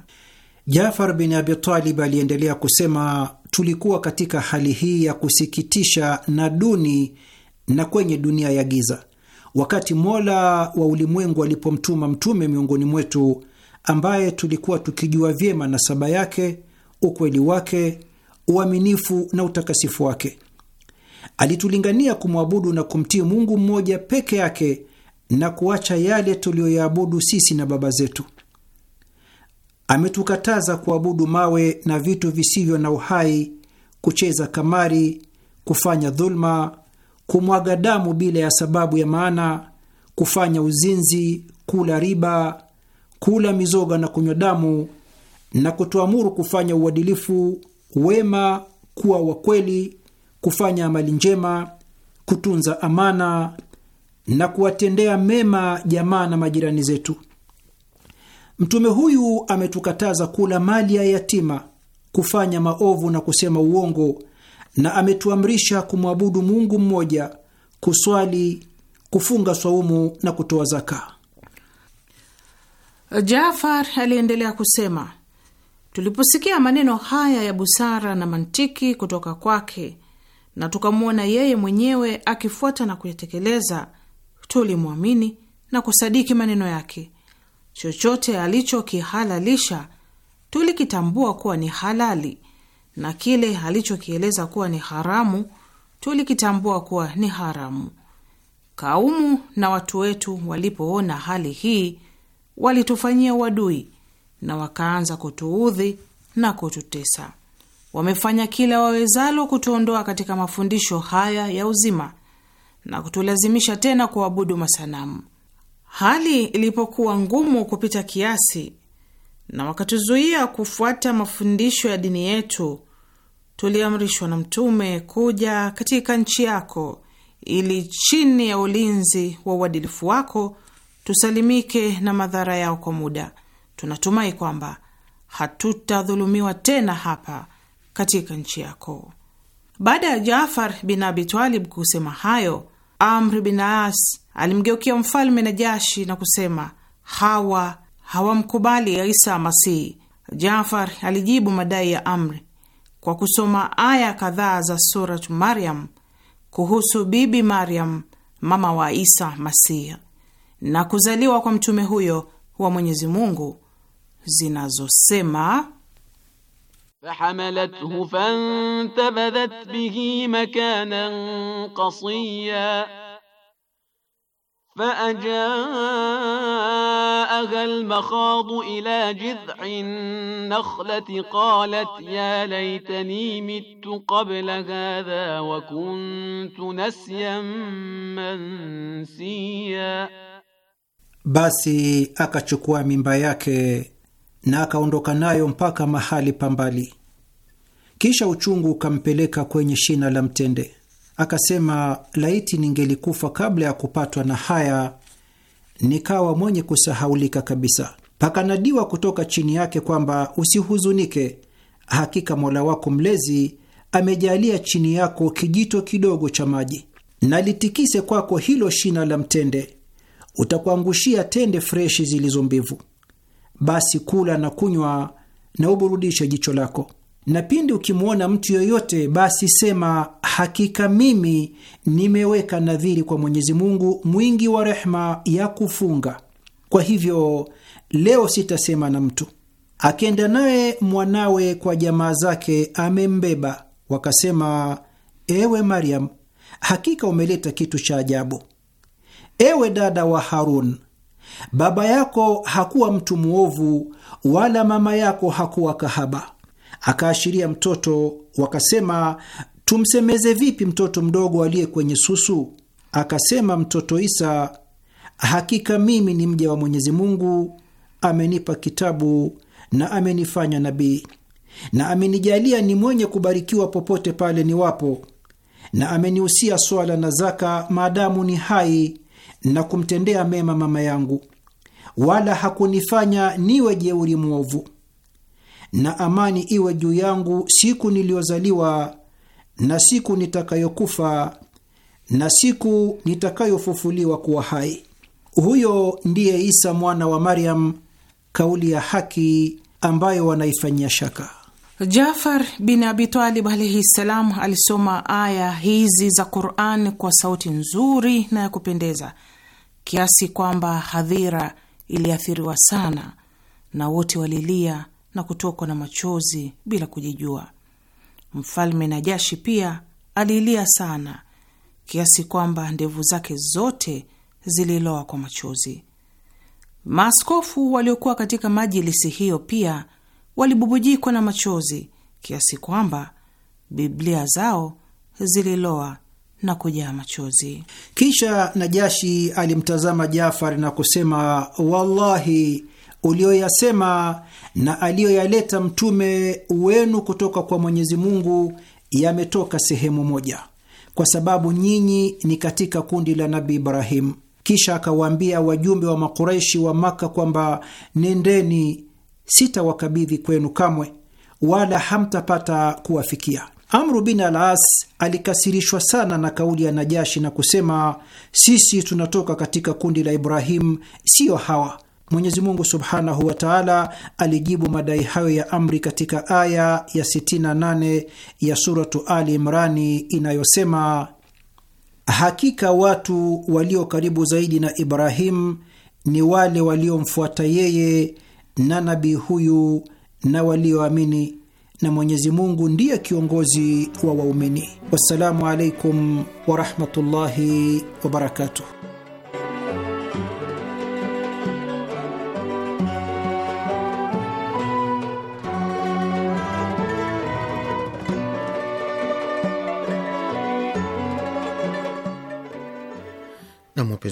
Jafar bin Abi Talib aliendelea kusema, tulikuwa katika hali hii ya kusikitisha na duni na kwenye dunia ya giza, wakati Mola wa ulimwengu alipomtuma mtume miongoni mwetu ambaye tulikuwa tukijua vyema nasaba yake, ukweli wake, uaminifu na utakasifu wake. Alitulingania kumwabudu na kumtii Mungu mmoja peke yake na kuacha yale tuliyoyaabudu sisi na baba zetu. Ametukataza kuabudu mawe na vitu visivyo na uhai, kucheza kamari, kufanya dhulma, kumwaga damu bila ya sababu ya maana, kufanya uzinzi, kula riba, kula mizoga na kunywa damu, na kutuamuru kufanya uadilifu, wema, kuwa wakweli, kufanya amali njema, kutunza amana na kuwatendea mema jamaa na majirani zetu. Mtume huyu ametukataza kula mali ya yatima, kufanya maovu na kusema uongo, na ametuamrisha kumwabudu Mungu mmoja, kuswali, kufunga swaumu na kutoa zaka. Jafar aliendelea kusema, tuliposikia maneno haya ya busara na mantiki kutoka kwake na tukamwona yeye mwenyewe akifuata na kuyatekeleza, tulimwamini na kusadiki maneno yake chochote alichokihalalisha tulikitambua kuwa ni halali na kile alichokieleza kuwa ni haramu tulikitambua kuwa ni haramu. Kaumu na watu wetu walipoona hali hii, walitufanyia uadui na wakaanza kutuudhi na kututesa. Wamefanya kila wawezalo kutuondoa katika mafundisho haya ya uzima na kutulazimisha tena kuabudu masanamu. Hali ilipokuwa ngumu kupita kiasi na wakatuzuia kufuata mafundisho ya dini yetu, tuliamrishwa na Mtume kuja katika nchi yako ili chini ya ulinzi wa uadilifu wako tusalimike na madhara yao kwa muda. Tunatumai kwamba hatutadhulumiwa tena hapa katika nchi yako. Baada ya jafar bin Abi Talib kusema hayo, Amr bin Aas alimgeukia mfalme Najashi na kusema, hawa hawamkubali Isa Masihi. Jafar alijibu madai ya Amri kwa kusoma aya kadhaa za surat Maryam kuhusu Bibi Maryam, mama wa Isa Masihi, na kuzaliwa kwa mtume huyo wa Mwenyezi Mungu zinazosema فحملته فانتبذت به مكانا قصيا فأجاءها المخاض إلى جذع النخلة قالت يا ليتني مت قبل هذا وكنت نسيا منسيا, basi akachukua mimba yake na akaondoka nayo mpaka mahali pa mbali. Kisha uchungu ukampeleka kwenye shina la mtende, akasema, laiti ningelikufa kabla ya kupatwa na haya, nikawa mwenye kusahaulika kabisa. Pakanadiwa kutoka chini yake kwamba usihuzunike, hakika Mola wako mlezi amejalia chini yako kijito kidogo cha maji, na litikise kwako hilo shina la mtende, utakuangushia tende freshi zilizo mbivu basi kula na kunywa na uburudishe jicho lako, na pindi ukimwona mtu yoyote, basi sema, hakika mimi nimeweka nadhiri kwa Mwenyezi Mungu mwingi wa rehma ya kufunga, kwa hivyo leo sitasema na mtu. Akenda naye mwanawe kwa jamaa zake, amembeba wakasema, ewe Maryam, hakika umeleta kitu cha ajabu. Ewe dada wa Harun, Baba yako hakuwa mtu mwovu wala mama yako hakuwa kahaba. Akaashiria mtoto, wakasema, tumsemeze vipi mtoto mdogo aliye kwenye susu? Akasema mtoto Isa, hakika mimi ni mja wa Mwenyezi Mungu, amenipa kitabu na amenifanya nabii na amenijalia ni mwenye kubarikiwa popote pale niwapo, na amenihusia swala na zaka maadamu ni hai na kumtendea mema mama yangu, wala hakunifanya niwe jeuri mwovu. Na amani iwe juu yangu siku niliyozaliwa na siku nitakayokufa na siku nitakayofufuliwa kuwa hai. Huyo ndiye Isa mwana wa Maryam, kauli ya haki ambayo wanaifanyia shaka. Jafar bin Abitalib alaihi ssalam alisoma aya hizi za Quran kwa sauti nzuri na ya kupendeza kiasi kwamba hadhira iliathiriwa sana na wote walilia na kutokwa na machozi bila kujijua. Mfalme Najashi pia alilia sana kiasi kwamba ndevu zake zote zililoa kwa machozi. Maaskofu waliokuwa katika majilisi hiyo pia walibubujikwa na machozi kiasi kwamba Biblia zao zililoa na kujaa machozi. Kisha Najashi alimtazama Jafari na kusema, wallahi ulioyasema na aliyoyaleta mtume wenu kutoka kwa Mwenyezi Mungu yametoka sehemu moja, kwa sababu nyinyi ni katika kundi la Nabi Ibrahimu. Kisha akawaambia wajumbe wa Makuraishi wa Maka kwamba nendeni sitawakabidhi kwenu kamwe, wala hamtapata kuwafikia. Amru bin alas alikasirishwa sana na kauli ya Najashi na kusema, sisi tunatoka katika kundi la Ibrahim, siyo hawa. Mwenyezi Mungu subhanahu wa taala alijibu madai hayo ya Amri katika aya ya 68 ya suratu Ali Imrani inayosema, hakika watu walio karibu zaidi na ibrahimu ni wale waliomfuata yeye na nabii huyu na walioamini, na Mwenyezi Mungu ndiye kiongozi wa waumini. Wassalamu alaikum warahmatullahi wabarakatuh.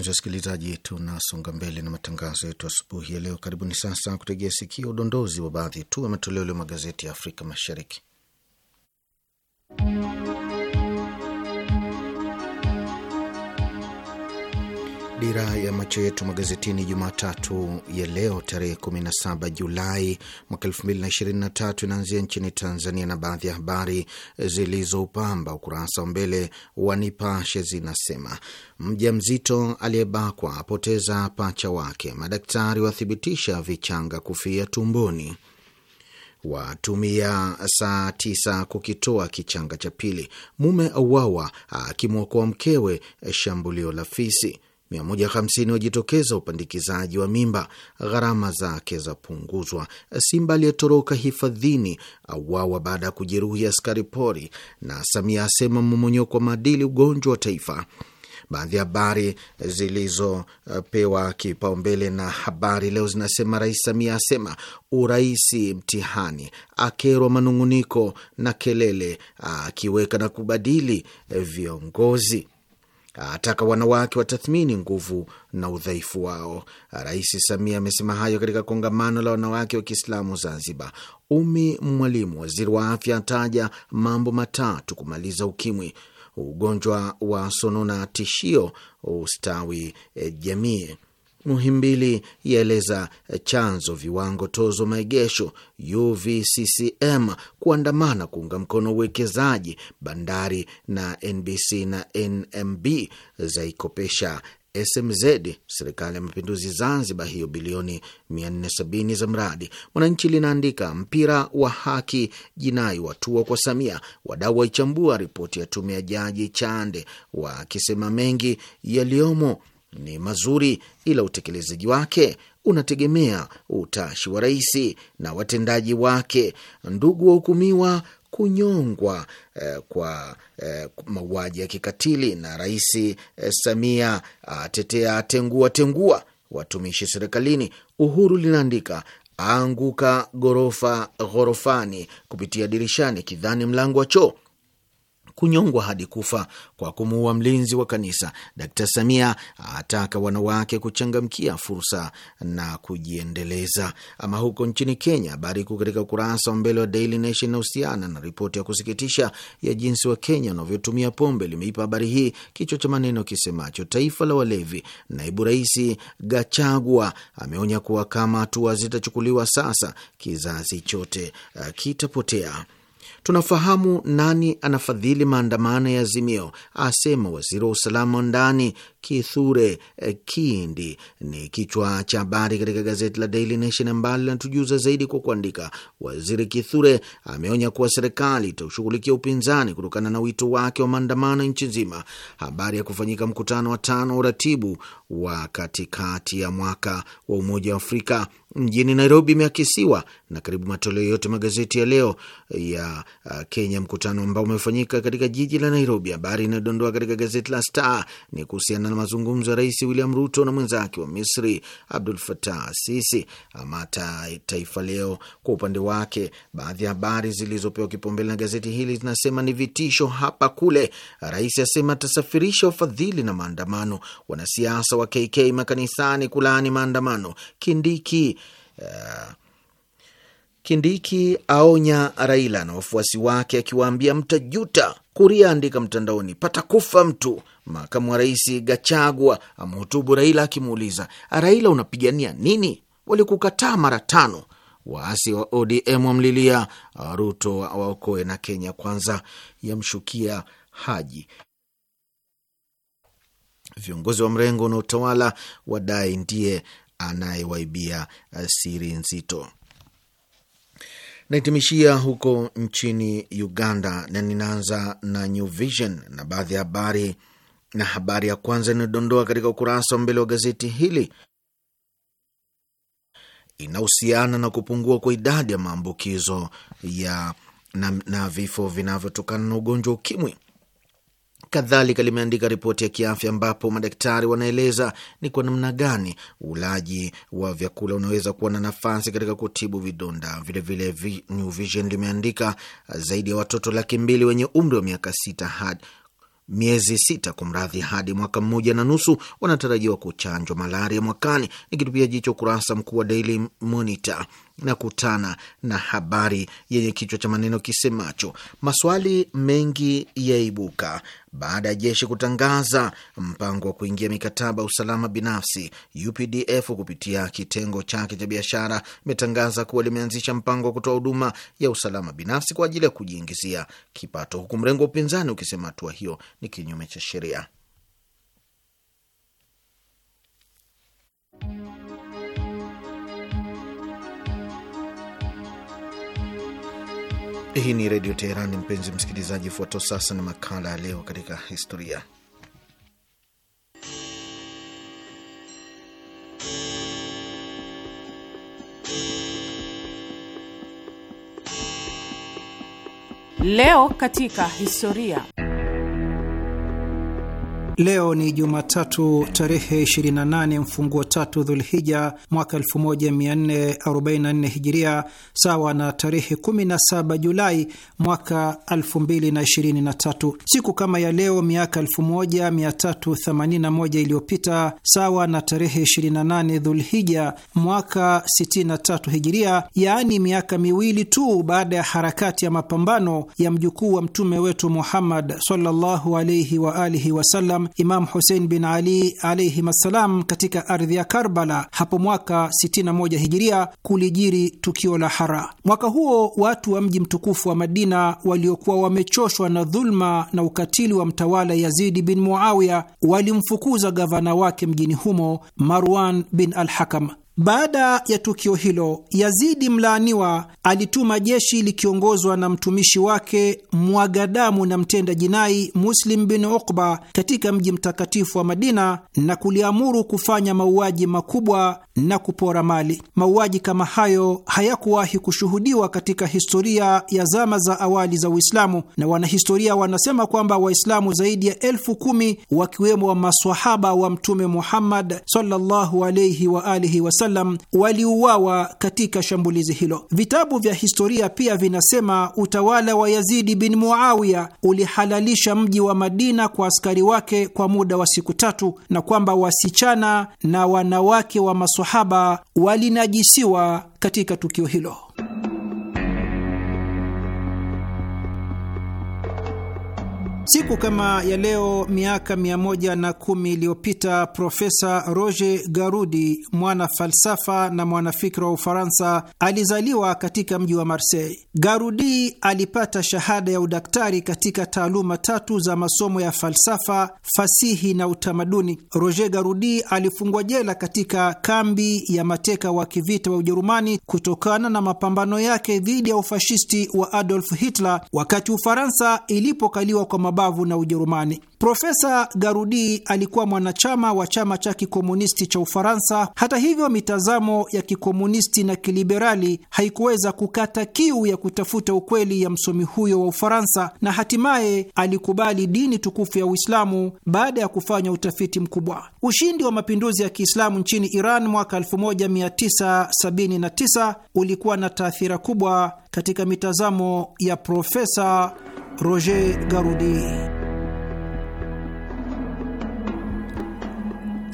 Wapenzi wasikilizaji, tunasonga mbele na matangazo yetu asubuhi ya leo. Karibuni sasa kutegea sikio udondozi wa baadhi tu ya matoleo leo magazeti ya Afrika Mashariki. Dira ya macho yetu magazetini Jumatatu ya leo tarehe 17 Julai mwaka 2023 inaanzia nchini Tanzania, na baadhi ya habari zilizopamba ukurasa wa mbele wa Nipashe zinasema mja mzito aliyebakwa apoteza pacha wake, madaktari wathibitisha vichanga kufia tumboni watumia saa tisa kukitoa kichanga cha pili. Mume auawa akimwokoa mkewe shambulio la fisi. 150 wajitokeza upandikizaji wa mimba, gharama zake zapunguzwa. Simba aliyetoroka hifadhini auawa baada ya kujeruhi askari pori, na Samia asema mmomonyoko wa maadili ugonjwa wa taifa. Baadhi ya habari zilizopewa kipaumbele na Habari Leo zinasema Rais Samia asema uraisi mtihani, akerwa manung'uniko na kelele, akiweka na kubadili viongozi ataka wanawake watathmini nguvu na udhaifu wao. Rais Samia amesema hayo katika kongamano la wanawake wa Kiislamu Zanzibar. Umi Mwalimu, waziri wa afya, ataja mambo matatu kumaliza ukimwi, ugonjwa wa sonona tishio ustawi e, jamii Muhimbili yaeleza chanzo viwango tozo maegesho UVCCM kuandamana kuunga mkono uwekezaji bandari, na NBC na NMB zaikopesha SMZ serikali ya mapinduzi Zanzibar hiyo bilioni 470 za mradi. Mwananchi linaandika mpira wa haki jinai watua kwa Samia, wadau waichambua ripoti ya tume ya jaji Chande wakisema mengi yaliyomo ni mazuri, ila utekelezaji wake unategemea utashi wa rais na watendaji wake. Ndugu wahukumiwa kunyongwa eh, kwa eh, mauaji ya kikatili na Rais eh, Samia atetea tengua tengua watumishi serikalini. Uhuru linaandika aanguka ghorofa ghorofani kupitia dirishani kidhani mlango wa choo kunyongwa hadi kufa kwa kumuua mlinzi wa kanisa. Dkt Samia ataka wanawake kuchangamkia fursa na kujiendeleza. Ama huko nchini Kenya, habari kuu katika ukurasa wa mbele wa Daily Nation inahusiana na ripoti ya kusikitisha ya jinsi wa Kenya wanavyotumia pombe. Limeipa habari hii kichwa cha maneno kisemacho taifa la walevi. Naibu Rais Gachagua ameonya kuwa kama hatua zitachukuliwa sasa, kizazi chote eh, kitapotea tunafahamu nani anafadhili maandamano ya Azimio, asema waziri wa usalama wa ndani Kithure eh, Kindi ni kichwa cha habari katika gazeti la Daily Nation ambalo linatujuza zaidi kwa kuandika, Waziri Kithure ameonya kuwa serikali itaushughulikia upinzani kutokana na wito wake wa maandamano nchi nzima. Habari ya kufanyika mkutano wa tano wa uratibu wa katikati ya mwaka wa Umoja wa Afrika mjini Nairobi imeakisiwa na karibu matoleo yote magazeti ya leo ya eh, Kenya, mkutano ambao umefanyika katika jiji la Nairobi. Habari inayodondoa katika gazeti la Star ni kuhusiana na mazungumzo ya Rais William Ruto na mwenzake wa Misri Abdul fatah Sisi. Ama Taifa Leo kwa upande wake, baadhi ya habari zilizopewa kipaumbele na gazeti hili zinasema ni vitisho hapa kule, rais asema atasafirisha wafadhili na maandamano, wanasiasa wa KK makanisani kulaani maandamano, Kindiki uh, Kindiki aonya Raila na wafuasi wake akiwaambia mtajuta. Kuria andika mtandaoni, patakufa mtu Makamu wa rais Gachagua amehutubu Raila akimuuliza, ah, Raila unapigania nini? Walikukataa mara tano. Waasi wa ODM wamlilia ah, Ruto waokoe na Kenya kwanza yamshukia Haji. Viongozi wa mrengo na utawala wadai ndiye anayewaibia ah, siri nzito. Naitimishia huko nchini Uganda na ninaanza na New Vision na baadhi ya habari na habari ya kwanza inayodondoa katika ukurasa wa mbele wa gazeti hili inahusiana na kupungua kwa idadi ya maambukizo ya na, na vifo vinavyotokana na ugonjwa ukimwi. Kadhalika limeandika ripoti ya kiafya ambapo madaktari wanaeleza ni kwa namna gani ulaji wa vyakula unaweza kuwa na nafasi katika kutibu vidonda. Vilevile New Vision limeandika zaidi ya watoto laki mbili wenye umri wa miaka sita hadi miezi sita, kumradhi, hadi mwaka mmoja na nusu, wanatarajiwa kuchanjwa malaria mwakani. Nikitupia jicho ukurasa mkuu wa Daily Monitor na kutana na habari yenye kichwa cha maneno kisemacho maswali mengi yaibuka baada ya jeshi kutangaza mpango wa kuingia mikataba ya usalama binafsi. UPDF kupitia kitengo chake cha biashara imetangaza kuwa limeanzisha mpango wa kutoa huduma ya usalama binafsi kwa ajili ya kujiingizia kipato, huku mrengo wa upinzani ukisema hatua hiyo ni kinyume cha sheria. Hii ni Redio teheran mpenzi msikilizaji. Fuato sasa na makala ya leo katika historia. Leo katika historia Leo ni Jumatatu tarehe 28 mfunguo tatu Dhulhija mwaka 1444 Hijiria, sawa na tarehe 17 Julai mwaka 2023. Siku kama ya leo miaka 1381 iliyopita, sawa na tarehe 28 Dhulhija mwaka 63 Hijiria, yaani miaka miwili tu baada ya harakati ya mapambano ya mjukuu wa mtume wetu Muhammad sallallahu alaihi wa alihi wasallam Imam Husein bin Ali alaihim assalam katika ardhi ya Karbala. Hapo mwaka 61 hijiria kulijiri tukio la Hara. Mwaka huo watu wa mji mtukufu wa Madina waliokuwa wamechoshwa na dhulma na ukatili wa mtawala Yazidi bin Muawiya walimfukuza gavana wake mjini humo Marwan bin Alhakam. Baada ya tukio hilo, Yazidi mlaaniwa alituma jeshi likiongozwa na mtumishi wake mwagadamu na mtenda jinai Muslim bin Ukba katika mji mtakatifu wa Madina na kuliamuru kufanya mauaji makubwa na kupora mali. Mauaji kama hayo hayakuwahi kushuhudiwa katika historia ya zama za awali za Uislamu, na wanahistoria wanasema kwamba Waislamu zaidi ya elfu kumi wakiwemo wa maswahaba wa Mtume Muhammad sallallahu alaihi wa alihi wasallam waliuawa katika shambulizi hilo. Vitabu vya historia pia vinasema utawala wa Yazidi bin Muawiya ulihalalisha mji wa Madina kwa askari wake kwa muda wa siku tatu, na kwamba wasichana na wanawake wa masahaba walinajisiwa katika tukio hilo. Siku kama ya leo miaka 110 iliyopita Profesa Roger Garudi, mwana falsafa na mwanafikra wa Ufaransa, alizaliwa katika mji wa Marseille. Garudi alipata shahada ya udaktari katika taaluma tatu za masomo ya falsafa, fasihi na utamaduni. Roger Garudi alifungwa jela katika kambi ya mateka wa kivita wa Ujerumani kutokana na mapambano yake dhidi ya ufashisti wa Adolf Hitler wakati Ufaransa ilipokaliwa kwa mabavu na Ujerumani. Profesa Garudi alikuwa mwanachama wa chama cha kikomunisti cha Ufaransa. Hata hivyo, mitazamo ya kikomunisti na kiliberali haikuweza kukata kiu ya kutafuta ukweli ya msomi huyo wa Ufaransa, na hatimaye alikubali dini tukufu ya Uislamu baada ya kufanya utafiti mkubwa. Ushindi wa mapinduzi ya Kiislamu nchini Iran mwaka 1979 ulikuwa na taathira kubwa katika mitazamo ya Profesa Roger Garoudi.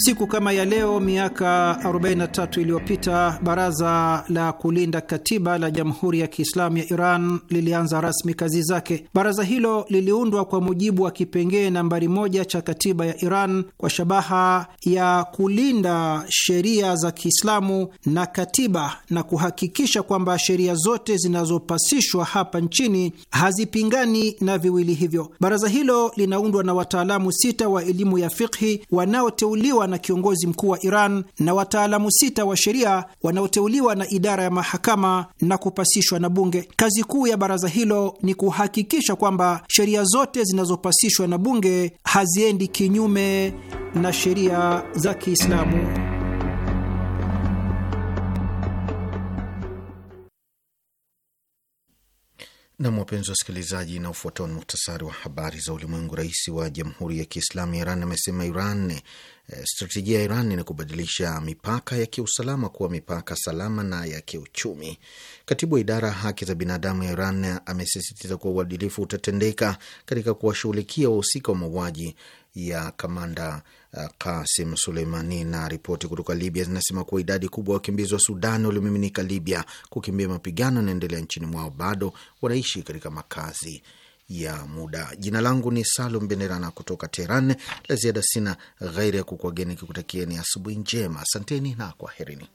Siku kama ya leo miaka 43 iliyopita baraza la kulinda katiba la Jamhuri ya Kiislamu ya Iran lilianza rasmi kazi zake. Baraza hilo liliundwa kwa mujibu wa kipengee nambari moja cha katiba ya Iran kwa shabaha ya kulinda sheria za Kiislamu na katiba na kuhakikisha kwamba sheria zote zinazopasishwa hapa nchini hazipingani na viwili hivyo. Baraza hilo linaundwa na wataalamu sita wa elimu ya fikhi wanaoteuliwa na kiongozi mkuu wa Iran na wataalamu sita wa sheria wanaoteuliwa na idara ya mahakama na kupasishwa na bunge. Kazi kuu ya baraza hilo ni kuhakikisha kwamba sheria zote zinazopasishwa na bunge haziendi kinyume na sheria za Kiislamu. Nam, wapenzi wasikilizaji, na ufuatao ni muhtasari wa habari za ulimwengu. Rais wa Jamhuri ya Kiislamu ya Iran amesema Iran Eh, Strategia ya Iran ni kubadilisha mipaka ya kiusalama kuwa mipaka salama na ya kiuchumi. Katibu wa idara ya haki za binadamu ya Iran amesisitiza kuwa uadilifu utatendeka katika kuwashughulikia wahusika wa mauaji ya kamanda Kasim eh, Suleimani. Na ripoti kutoka Libya zinasema kuwa idadi kubwa ya wakimbizi wa Sudani waliomiminika Libya kukimbia mapigano yanaendelea nchini mwao bado wanaishi katika makazi ya muda. Jina langu ni Salum Benderana kutoka Teheran. La ziada sina ghairi ya kukuageni kikutakieni asubuhi njema. Asanteni na kwaherini.